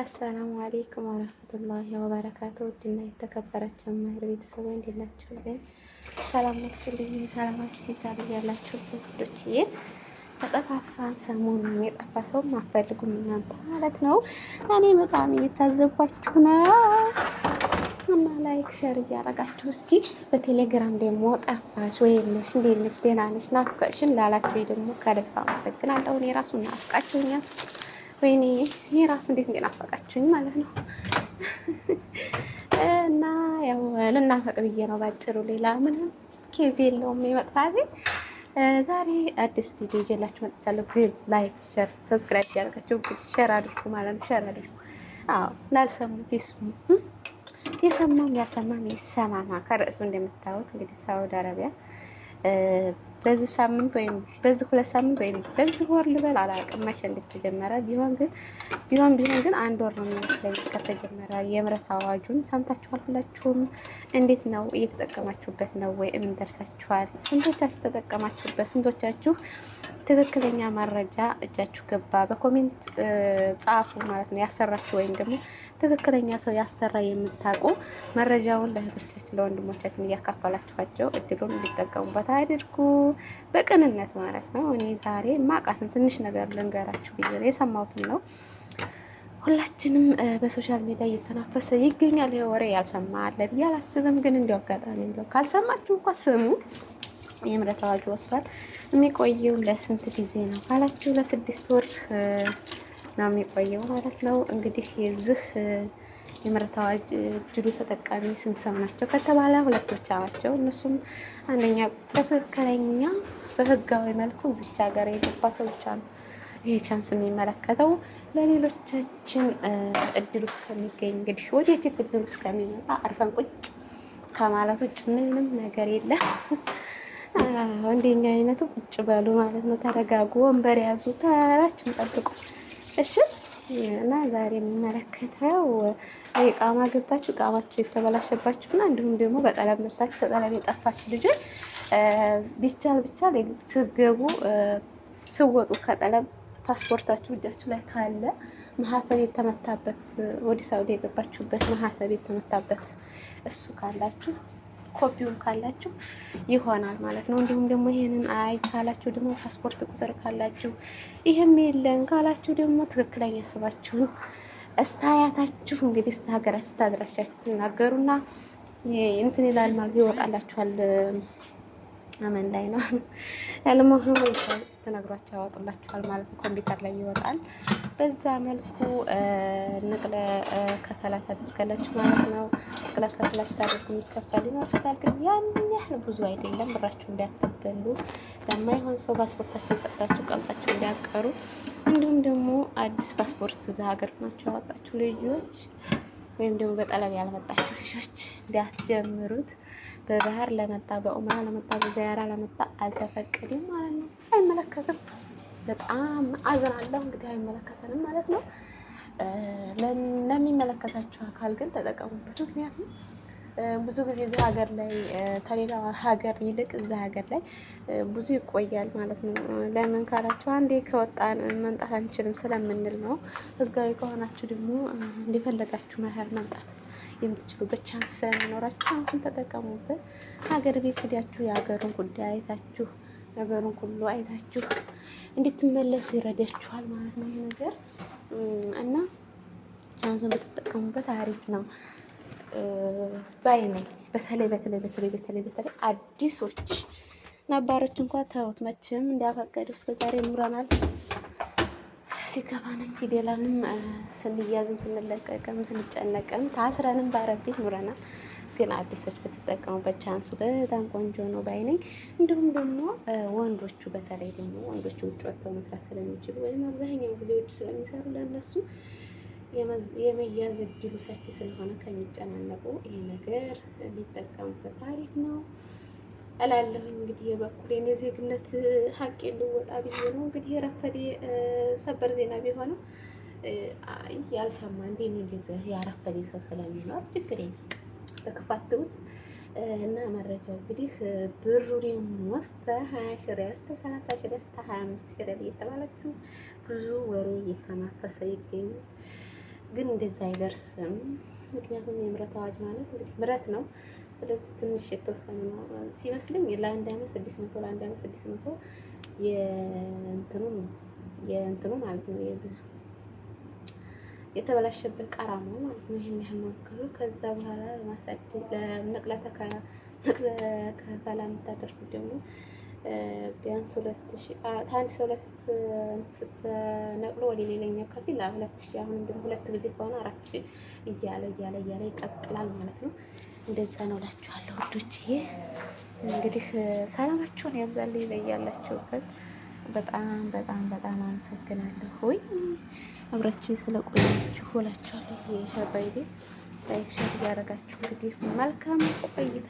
አሰላሙ አሌይኩም ወረህመቱላሂ ወበረካቱ። ውድና የተከበራችሁ የማህር ቤተሰብ እንዴት ናችሁ? ግን ሰላማችሁልኝ ሰላማችሁ ይዛሉ ያላችሁበት ልጆችዬ፣ ተጠፋፋን። ሰሞኑን የጠፋ ሰው አፈልጉም እናንተ ማለት ነው። እኔ በጣም እየታዘቧችሁ ነው እና ላይክ ሸር እያደረጋችሁ እስኪ በቴሌግራም ደግሞ ጠፋሽ ወይ የለሽ ደህና ነሽ ናፈቅሽን ላላችሁ ደግሞ ከልብ አመሰግናለሁ። እኔ ራሱ ናፍቃችሁኛል። ወይኔ እኔ ራሱ እንዴት እንደናፈቃችሁኝ ማለት ነው። እና ያው ልናፈቅ ብዬ ነው ባጭሩ። ሌላ ምንም ኬዝ የለውም የመጥፋቴ። ዛሬ አዲስ ቪዲዮ ይዤላችሁ መጥቻለሁ። ግን ላይክ፣ ሸር፣ ሰብስክራይብ ያደርጋችሁ ሸር አድርጉ ማለት ነው። ሸር አድርጉ። አዎ ላልሰሙት ይስሙ። የሰማም ያሰማም ይሰማማ። ከርዕሱ እንደምታዩት እንግዲህ ሳውዲ አረቢያ በዚህ ሳምንት ወይም በዚህ ሁለት ሳምንት ወይም በዚህ ወር ልበል አላውቅም፣ መቼ እንደተጀመረ ቢሆን ግን ቢሆን ቢሆን ግን አንድ ወር ነው የሚመስለኝ ከተጀመረ። የምህረት አዋጁን ሰምታችኋል ሁላችሁም? እንዴት ነው እየተጠቀማችሁበት ነው ወይ? ምን ደርሳችኋል? ስንቶቻችሁ ተጠቀማችሁበት? ስንቶቻችሁ ትክክለኛ መረጃ እጃችሁ ገባ? በኮሜንት ጻፉ ማለት ነው ያሰራችሁ ወይም ደግሞ ትክክለኛ ሰው ያሰራ የምታውቁ መረጃውን ለእህቶቻችን ለወንድሞቻችን እያካፈላችኋቸው እድሉን እንዲጠቀሙበት አድርጉ። በቅንነት ማለት ነው። እኔ ዛሬ ማቃትን ትንሽ ነገር ልንገራችሁ ብዬ ነው የሰማሁትን ነው። ሁላችንም በሶሻል ሚዲያ እየተናፈሰ ይገኛል። ይሄ ወሬ ያልሰማ አለ ብዬ አላስብም። ግን እንዲ አጋጣሚ እንዲያው ካልሰማችሁ እንኳ ስሙ። የምህረት አዋጅ ወጥቷል። የሚቆየው ለስንት ጊዜ ነው ካላችሁ፣ ለስድስት ወር ነው የሚቆየው ማለት ነው። እንግዲህ የዚህ የምህረት አዋጅ ድሉ ተጠቃሚ ስንት ሰው ናቸው ከተባለ ሁለት ብቻ ናቸው። እነሱም አንደኛ በትክክለኛ በህጋዊ መልኩ እዚች ሀገር የገባ ሰው ብቻ ነው ይሄ ቻንስ የሚመለከተው። ለሌሎቻችን እድሉ እስከሚገኝ እንግዲህ ወደፊት እድሉ እስከሚመጣ አርፈን ቁጭ ከማለት ውጭ ምንም ነገር የለም። ወንደኛ አይነቱ ቁጭ በሉ ማለት ነው። ተረጋጉ፣ ወንበር ያዙ፣ ተራችን ጠብቁ። እሺ እና ዛሬ የምመለከተው ቃማ ገብታችሁ የተበላሸባችሁ የተበላሸባችሁና እንዲሁም ደግሞ በጠለብ መታችሁ በጠለብ የጠፋች ልጆች ቢቻል ቢቻል ትገቡ ስወጡ ከጠለም ፓስፖርታችሁ እጃችሁ ላይ ካለ ማህተብ የተመታበት ወደ ሳውዲ የገባችሁበት ማህተብ የተመታበት እሱ ካላችሁ ኮፒውን ካላችሁ ይሆናል ማለት ነው። እንዲሁም ደግሞ ይሄንን አይ ካላችሁ ደግሞ ፓስፖርት ቁጥር ካላችሁ ይሄም የለን ካላችሁ ደግሞ ትክክለኛ ስማችሁን እስታያታችሁ እንግዲህ እስተ ሀገራችሁ እስተ አድራሻችሁ ትናገሩና እንትን ይላል ማለት ይወጣላችኋል። አመን ላይ ነው ለመሆኑ ትነግሯቸው ያወጡላችኋል ማለት ነው። ኮምፒውተር ላይ ይወጣል። በዛ መልኩ ንቅለ ከፈላ ተደርገለች ማለት ነው። ከፍላ ከፍላ ስታደርጉ የሚከፈል ሊኖር ይችላል። ግን ያን ያህል ብዙ አይደለም። ብራችሁ እንዳትበሉ ለማይሆን ሰው ፓስፖርታችሁ ሰጥታችሁ ቀልጣችሁ እንዳያቀሩ። እንዲሁም ደግሞ አዲስ ፓስፖርት እዛ ሀገር ናቸው ያወጣችሁ ልጆች ወይም ደግሞ በጠለብ ያልመጣችሁ ልጆች እንዳትጀምሩት። በባህር ለመጣ በኡምራ ለመጣ በዚያራ ለመጣ አልተፈቀደም ማለት ነው። አይመለከትም። በጣም አዝናለሁ። እንግዲህ አይመለከተንም ማለት ነው። ለሚመለከታቸው አካል ግን ተጠቀሙበት። ምክንያቱም ብዙ ጊዜ እዚህ ሀገር ላይ ከሌላ ሀገር ይልቅ እዚ ሀገር ላይ ብዙ ይቆያል ማለት ነው። ለምን ካላቸው አንዴ ከወጣን መምጣት አንችልም ስለምንል ነው። ህጋዊ ከሆናችሁ ደግሞ እንደፈለጋችሁ መህር መምጣት የምትችሉበት ቻንስ ስለሚኖራችሁ አሁን ተጠቀሙበት። ሀገር ቤት ሄዳችሁ የሀገሩን ጉዳይ አይታችሁ ነገሩን ሁሉ አይታችሁ እንድትመለሱ ይረዳችኋል ማለት ነው ይሄ ነገር እና ቻንሱን ብትጠቀሙበት አሪፍ ነው ባይ ነኝ። በተለይ በተለይ በተለይ በተለይ በተለይ አዲሶች ነባሮች እንኳን ተውት፣ መቼም እንዳፈቀደው እስከ ዛሬ ኑረናል። ሲከፋንም ሲደላንም ስንያዝም ስንለቀቅም ስንጨነቅም ታስረንም ባረቤት ኑረናል። ግን አዲሶች ብትጠቀሙበት ቻንሱ በጣም ቆንጆ ነው ባይነኝ። እንዲሁም ደግሞ ወንዶቹ በተለይ ደግሞ ወንዶቹ ውጭ ወጥተው መስራት ስለሚችሉ ወይም አብዛኛው ጊዜ ውጭ ስለሚሰሩ ለእነሱ የመያዝ እድሉ ሰፊ ስለሆነ ከሚጨናነቁ ይህ ነገር የሚጠቀሙበት ታሪክ ነው እላለሁ። እንግዲህ የበኩሌን የዜግነት ሀቅ ልወጣ ብዬ ነው። እንግዲህ የረፈዴ ሰበር ዜና ቢሆንም ያልሰማ እንዲህ ያረፈዴ ሰው ስለሚኖር ችግር የለም። ተከፋተውት እና መረጃው እንግዲህ ብሩ ደግሞ እስከ 20 እስከ እስከ 25 ሺህ ሪያል እየተባላችሁ ብዙ ወሬ እየተናፈሰ ይገኛል። ግን እንደዛ አይደርስም። ምክንያቱም የምረት አዋጅ ማለት እንግዲህ ምረት ነው። ስለዚህ ትንሽ የተወሰነ ነው ሲመስልኝ ለአንድ ዓመት ስድስት መቶ ለአንድ ዓመት ስድስት መቶ የእንትኑ የእንትኑ ማለት ነው የዚህ የተበላሸበት ቃራማ ማለት ነው። ይህን ያህል ሞክሩ። ከዛ በኋላ ለመቅለ ከፈላ የምታደርጉት ደግሞ ቢያንስ ሁለት ሺህ ከአንድ ሰው ላይ ስትነቅሎ ወደ ሌላኛው ከፊል ሁለት ሺ አሁንም ደግሞ ሁለት ጊዜ ከሆነ አራት ሺ እያለ እያለ እያለ ይቀጥላል ማለት ነው። እንደዛ ነው እላችኋለሁ ውዶችዬ። እንግዲህ ሰላማችሁን ያብዛልኝ በያላችሁበት። በጣም በጣም በጣም አመሰግናለሁ ሆይ አብራችሁ ስለቆያችሁ ሁላችኋለሁ። ይሄ ሀባይቤ ላይክ ሸር እያደረጋችሁ እንግዲህ መልካም ቆይታ